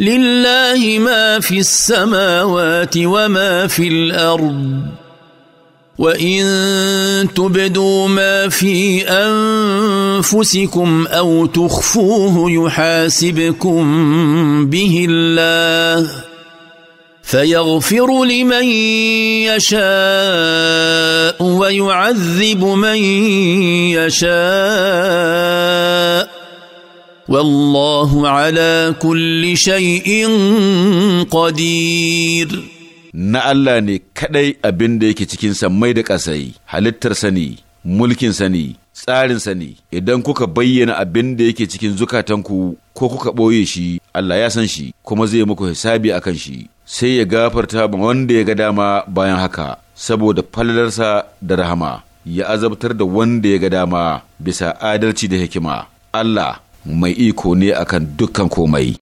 لله ما في السماوات وما في الارض وان تبدوا ما في انفسكم او تخفوه يحاسبكم به الله فيغفر لمن يشاء ويعذب من يشاء والله على كل شيء قدير na Allah ne kaɗai abin da yake cikin mai da ƙasai, halittar sani, mulkin sani, tsarin sani, idan kuka bayyana abin da yake cikin zukatanku ko kuka ɓoye shi, Allah ya san shi, kuma zai muku hisabi a kan shi, sai ya gafarta wanda ya ga dama bayan haka, saboda falalarsa da rahama, ya azabtar da wanda ya ga dama bisa adalci da hikima. Allah mai iko ne akan dukkan komai